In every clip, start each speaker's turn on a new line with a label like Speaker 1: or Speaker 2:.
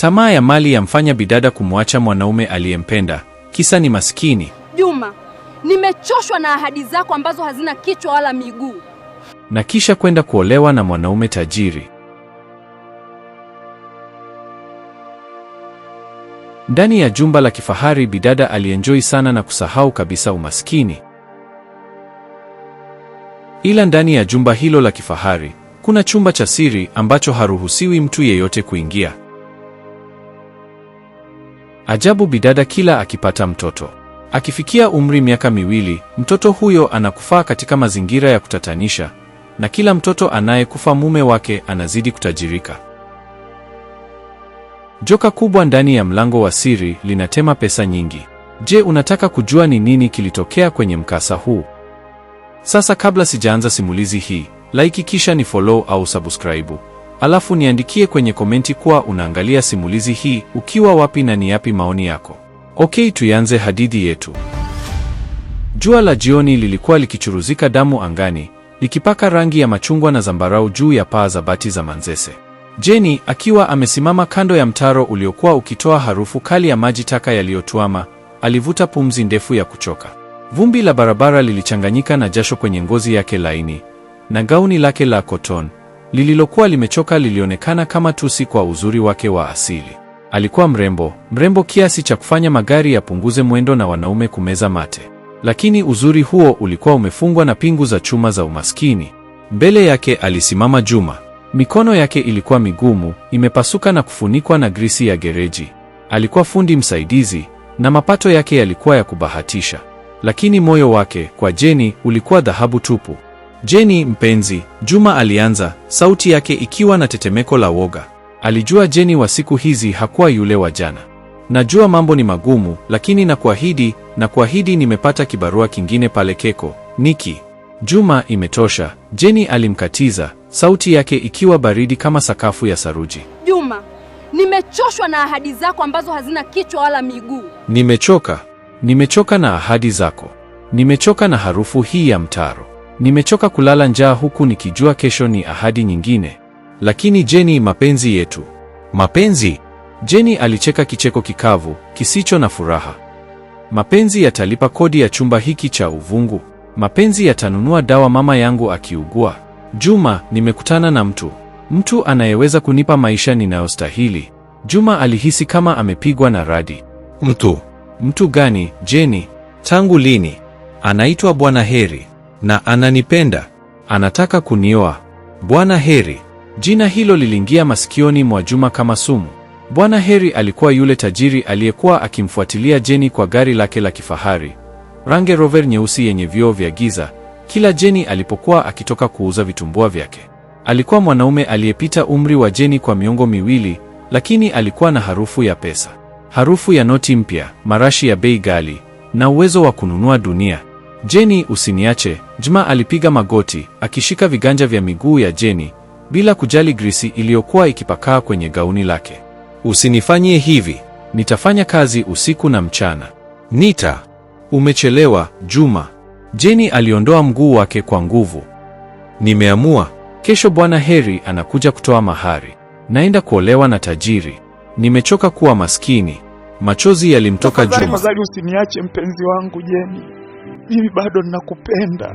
Speaker 1: Tamaa ya mali yamfanya bidada kumwacha mwanaume aliyempenda, kisa ni maskini.
Speaker 2: Juma, nimechoshwa na ahadi zako ambazo hazina kichwa wala miguu,
Speaker 1: na kisha kwenda kuolewa na mwanaume tajiri. Ndani ya jumba la kifahari bidada alienjoi sana na kusahau kabisa umaskini. Ila ndani ya jumba hilo la kifahari kuna chumba cha siri ambacho haruhusiwi mtu yeyote kuingia. Ajabu bidada kila akipata mtoto. Akifikia umri miaka miwili, mtoto huyo anakufaa katika mazingira ya kutatanisha, na kila mtoto anayekufa mume wake anazidi kutajirika. Joka kubwa ndani ya mlango wa siri linatema pesa nyingi. Je, unataka kujua ni nini kilitokea kwenye mkasa huu? Sasa kabla sijaanza simulizi hii, like kisha ni follow au subscribe. Alafu niandikie kwenye komenti kuwa unaangalia simulizi hii ukiwa wapi na ni yapi maoni yako. Okay, tuyanze hadithi yetu. Jua la jioni lilikuwa likichuruzika damu angani, likipaka rangi ya machungwa na zambarau juu ya paa za bati za Manzese. jeni akiwa amesimama kando ya mtaro uliokuwa ukitoa harufu kali ya maji taka yaliyotuama, alivuta pumzi ndefu ya kuchoka. Vumbi la barabara lilichanganyika na jasho kwenye ngozi yake laini na gauni lake la koton lililokuwa limechoka lilionekana kama tusi kwa uzuri wake wa asili. Alikuwa mrembo, mrembo kiasi cha kufanya magari yapunguze mwendo na wanaume kumeza mate, lakini uzuri huo ulikuwa umefungwa na pingu za chuma za umaskini. Mbele yake alisimama Juma. Mikono yake ilikuwa migumu, imepasuka na kufunikwa na grisi ya gereji. Alikuwa fundi msaidizi na mapato yake yalikuwa ya kubahatisha, lakini moyo wake kwa Jeni ulikuwa dhahabu tupu. Jeni mpenzi, Juma alianza, sauti yake ikiwa na tetemeko la woga. Alijua Jeni wa siku hizi hakuwa yule wa jana. Najua mambo ni magumu, lakini nakuahidi, nakuahidi nimepata kibarua kingine pale Keko. Niki Juma, imetosha. Jeni alimkatiza, sauti yake ikiwa baridi kama sakafu ya saruji.
Speaker 2: Juma, nimechoshwa na ahadi zako ambazo hazina kichwa wala miguu.
Speaker 1: Nimechoka, nimechoka na ahadi zako, nimechoka na harufu hii ya mtaro. Nimechoka kulala njaa huku nikijua kesho ni ahadi nyingine. Lakini Jeni, mapenzi yetu, mapenzi. Jeni alicheka kicheko kikavu kisicho na furaha. Mapenzi yatalipa kodi ya chumba hiki cha uvungu. Mapenzi yatanunua dawa mama yangu akiugua. Juma, nimekutana na mtu, mtu anayeweza kunipa maisha ninayostahili. Juma alihisi kama amepigwa na radi. Mtu? Mtu gani, Jeni? Tangu lini? Anaitwa Bwana Heri na ananipenda, anataka kunioa. Bwana Heri. Jina hilo liliingia masikioni mwa Juma kama sumu. Bwana Heri alikuwa yule tajiri aliyekuwa akimfuatilia Jeni kwa gari lake la kifahari Range Rover nyeusi yenye vioo vya giza kila Jeni alipokuwa akitoka kuuza vitumbua vyake. Alikuwa mwanaume aliyepita umri wa Jeni kwa miongo miwili, lakini alikuwa na harufu ya pesa, harufu ya noti mpya, marashi ya bei ghali na uwezo wa kununua dunia. Jeni, usiniache. Juma alipiga magoti akishika viganja vya miguu ya Jeni bila kujali grisi iliyokuwa ikipakaa kwenye gauni lake. Usinifanyie hivi, nitafanya kazi usiku na mchana. Nita umechelewa Juma. Jeni aliondoa mguu wake kwa nguvu. Nimeamua, kesho bwana Heri anakuja kutoa mahari. Naenda kuolewa na tajiri. Nimechoka kuwa maskini. Machozi yalimtoka Juma.
Speaker 3: Usiniache mpenzi wangu Jeni mimi bado ninakupenda.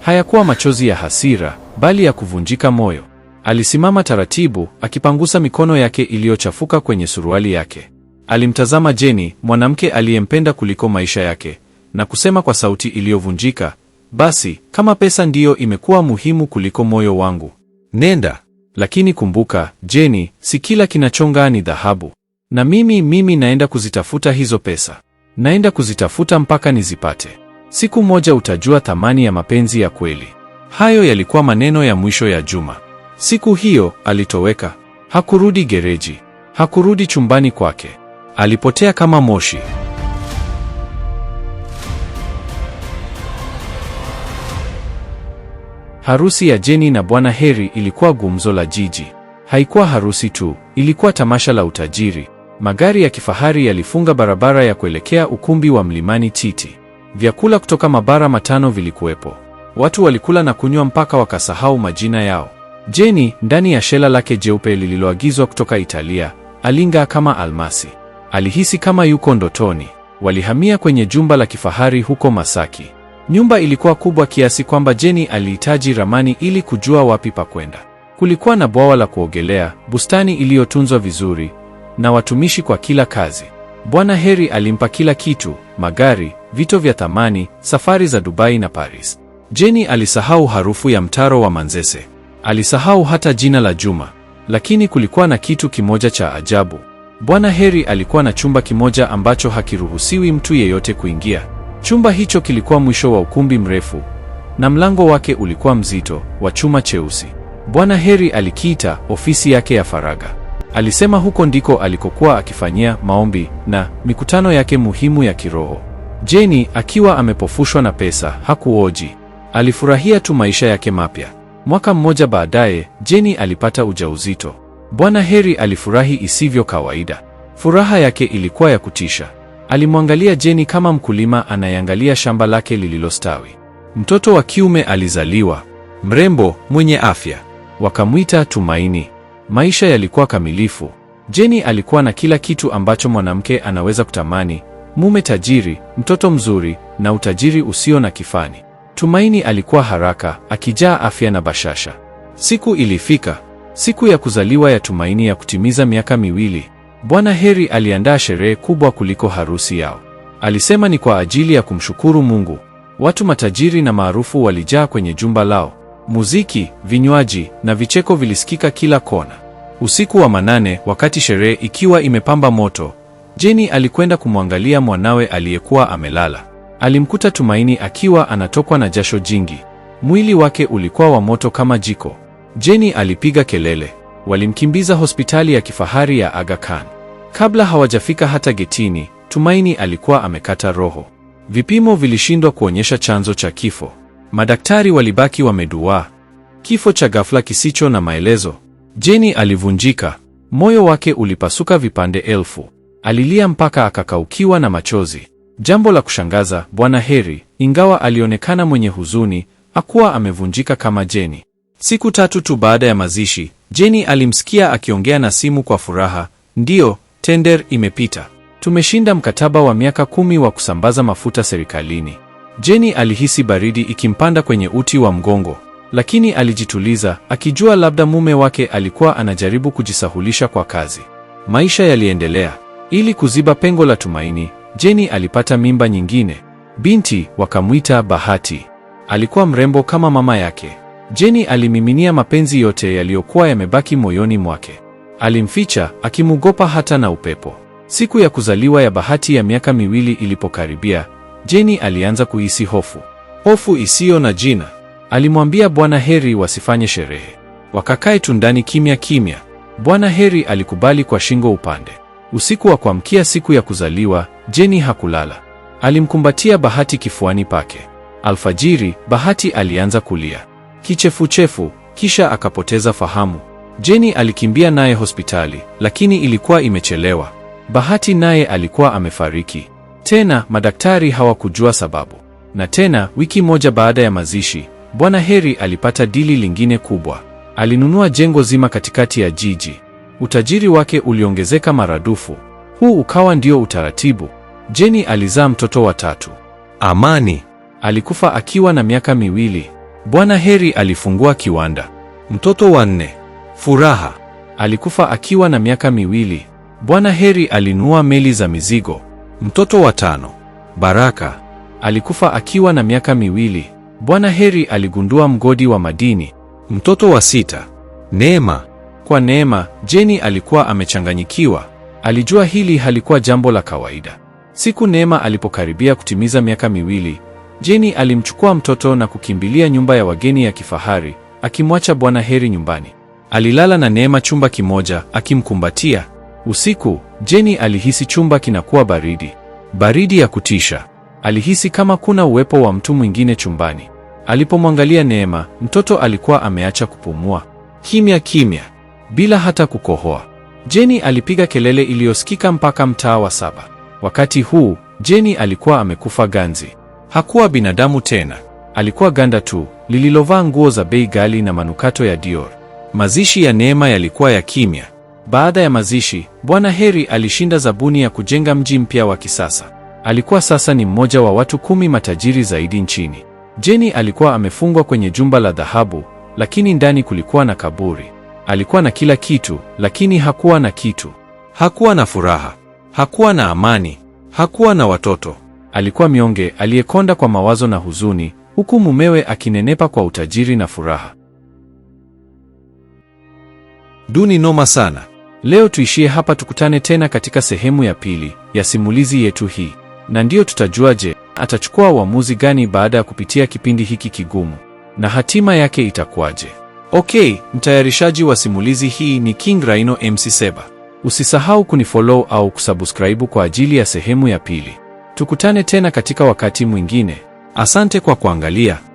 Speaker 1: Hayakuwa machozi ya hasira, bali ya kuvunjika moyo. Alisimama taratibu, akipangusa mikono yake iliyochafuka kwenye suruali yake. Alimtazama Jeni, mwanamke aliyempenda kuliko maisha yake, na kusema kwa sauti iliyovunjika, basi kama pesa ndiyo imekuwa muhimu kuliko moyo wangu, nenda. Lakini kumbuka Jeni, si kila kinachonga ni dhahabu, na mimi mimi naenda kuzitafuta hizo pesa, naenda kuzitafuta mpaka nizipate. Siku moja utajua thamani ya mapenzi ya kweli. Hayo yalikuwa maneno ya mwisho ya Juma. Siku hiyo alitoweka. Hakurudi gereji, hakurudi chumbani kwake. Alipotea kama moshi. Harusi ya Jeni na Bwana Heri ilikuwa gumzo la jiji. Haikuwa harusi tu, ilikuwa tamasha la utajiri. Magari ya kifahari yalifunga barabara ya kuelekea ukumbi wa Mlimani Titi. Vyakula kutoka mabara matano vilikuwepo. Watu walikula na kunywa mpaka wakasahau majina yao. Jeni ndani ya shela lake jeupe lililoagizwa kutoka Italia alinga kama almasi. Alihisi kama yuko ndotoni. Walihamia kwenye jumba la kifahari huko Masaki. Nyumba ilikuwa kubwa kiasi kwamba Jeni alihitaji ramani ili kujua wapi pa kwenda. Kulikuwa na bwawa la kuogelea, bustani iliyotunzwa vizuri na watumishi kwa kila kazi. Bwana Heri alimpa kila kitu: magari, vito vya thamani, safari za Dubai na Paris. Jeni alisahau harufu ya mtaro wa Manzese, alisahau hata jina la Juma, lakini kulikuwa na kitu kimoja cha ajabu. Bwana Heri alikuwa na chumba kimoja ambacho hakiruhusiwi mtu yeyote kuingia. Chumba hicho kilikuwa mwisho wa ukumbi mrefu, na mlango wake ulikuwa mzito wa chuma cheusi. Bwana Heri alikiita ofisi yake ya faragha. Alisema huko ndiko alikokuwa akifanyia maombi na mikutano yake muhimu ya kiroho. Jeni akiwa amepofushwa na pesa, hakuoji. Alifurahia tu maisha yake mapya. Mwaka mmoja baadaye, Jeni alipata ujauzito. Bwana Heri alifurahi isivyo kawaida. Furaha yake ilikuwa ya kutisha. Alimwangalia Jeni kama mkulima anayeangalia shamba lake lililostawi. Mtoto wa kiume alizaliwa, mrembo, mwenye afya. Wakamwita Tumaini. Maisha yalikuwa kamilifu. Jeni alikuwa na kila kitu ambacho mwanamke anaweza kutamani: mume tajiri, mtoto mzuri na utajiri usio na kifani. Tumaini alikuwa haraka, akijaa afya na bashasha. Siku ilifika, siku ya kuzaliwa ya Tumaini ya kutimiza miaka miwili. Bwana Heri aliandaa sherehe kubwa kuliko harusi yao. Alisema ni kwa ajili ya kumshukuru Mungu. Watu matajiri na maarufu walijaa kwenye jumba lao. Muziki, vinywaji na vicheko vilisikika kila kona. Usiku wa manane, wakati sherehe ikiwa imepamba moto, Jeni alikwenda kumwangalia mwanawe aliyekuwa amelala. Alimkuta Tumaini akiwa anatokwa na jasho jingi. Mwili wake ulikuwa wa moto kama jiko. Jeni alipiga kelele. Walimkimbiza hospitali ya kifahari ya Aga Khan. Kabla hawajafika hata getini, Tumaini alikuwa amekata roho. Vipimo vilishindwa kuonyesha chanzo cha kifo. Madaktari walibaki wameduaa, kifo cha ghafla kisicho na maelezo. Jeni alivunjika, moyo wake ulipasuka vipande elfu. Alilia mpaka akakaukiwa na machozi. Jambo la kushangaza, Bwana Heri, ingawa alionekana mwenye huzuni, hakuwa amevunjika kama Jeni. Siku tatu tu baada ya mazishi, Jeni alimsikia akiongea na simu kwa furaha. Ndiyo, tender imepita. Tumeshinda mkataba wa miaka kumi wa kusambaza mafuta serikalini. Jeni alihisi baridi ikimpanda kwenye uti wa mgongo, lakini alijituliza akijua labda mume wake alikuwa anajaribu kujisahulisha kwa kazi. Maisha yaliendelea. Ili kuziba pengo la tumaini, Jeni alipata mimba nyingine. Binti wakamwita Bahati. Alikuwa mrembo kama mama yake. Jeni alimiminia mapenzi yote yaliyokuwa yamebaki moyoni mwake. Alimficha akimugopa hata na upepo. Siku ya kuzaliwa ya Bahati ya miaka miwili ilipokaribia, Jeni alianza kuhisi hofu, hofu isiyo na jina. Alimwambia Bwana Heri wasifanye sherehe, wakakae tu ndani kimya kimya. Bwana Heri alikubali kwa shingo upande. Usiku wa kuamkia siku ya kuzaliwa, Jeni hakulala. Alimkumbatia Bahati kifuani pake. Alfajiri, Bahati alianza kulia kichefuchefu, kisha akapoteza fahamu. Jeni alikimbia naye hospitali, lakini ilikuwa imechelewa. Bahati naye alikuwa amefariki. Tena madaktari hawakujua sababu. Na tena wiki moja baada ya mazishi, Bwana Heri alipata dili lingine kubwa. Alinunua jengo zima katikati ya jiji. Utajiri wake uliongezeka maradufu. Huu ukawa ndio utaratibu. Jeni alizaa mtoto wa tatu. Amani alikufa akiwa na miaka miwili. Bwana Heri alifungua kiwanda. Mtoto wa nne, Furaha alikufa akiwa na miaka miwili. Bwana Heri alinunua meli za mizigo. Mtoto wa tano, Baraka, alikufa akiwa na miaka miwili. Bwana Heri aligundua mgodi wa madini. Mtoto wa sita, Neema. Kwa Neema, Jeni alikuwa amechanganyikiwa. Alijua hili halikuwa jambo la kawaida. Siku Neema alipokaribia kutimiza miaka miwili, Jeni alimchukua mtoto na kukimbilia nyumba ya wageni ya kifahari, akimwacha Bwana Heri nyumbani. Alilala na Neema chumba kimoja, akimkumbatia. Usiku, Jeni alihisi chumba kinakuwa baridi, baridi ya kutisha. Alihisi kama kuna uwepo wa mtu mwingine chumbani. Alipomwangalia Neema, mtoto alikuwa ameacha kupumua, kimya kimya, bila hata kukohoa. Jeni alipiga kelele iliyosikika mpaka mtaa wa saba. Wakati huu Jeni alikuwa amekufa ganzi. Hakuwa binadamu tena, alikuwa ganda tu lililovaa nguo za bei ghali na manukato ya Dior. Mazishi ya Neema yalikuwa ya kimya. Baada ya mazishi, Bwana Heri alishinda zabuni ya kujenga mji mpya wa kisasa. Alikuwa sasa ni mmoja wa watu kumi matajiri zaidi nchini. Jeni alikuwa amefungwa kwenye jumba la dhahabu, lakini ndani kulikuwa na kaburi. Alikuwa na kila kitu, lakini hakuwa na kitu. Hakuwa na furaha, hakuwa na amani, hakuwa na watoto. Alikuwa mionge aliyekonda kwa mawazo na huzuni, huku mumewe akinenepa kwa utajiri na furaha. Duni noma sana. Leo tuishie hapa, tukutane tena katika sehemu ya pili ya simulizi yetu hii, na ndiyo tutajua, je, atachukua uamuzi gani baada ya kupitia kipindi hiki kigumu na hatima yake itakuwaje? Okay, mtayarishaji wa simulizi hii ni King Rhino MC Seba. Usisahau kunifollow au kusubscribe kwa ajili ya sehemu ya pili. Tukutane tena katika wakati mwingine. Asante kwa kuangalia.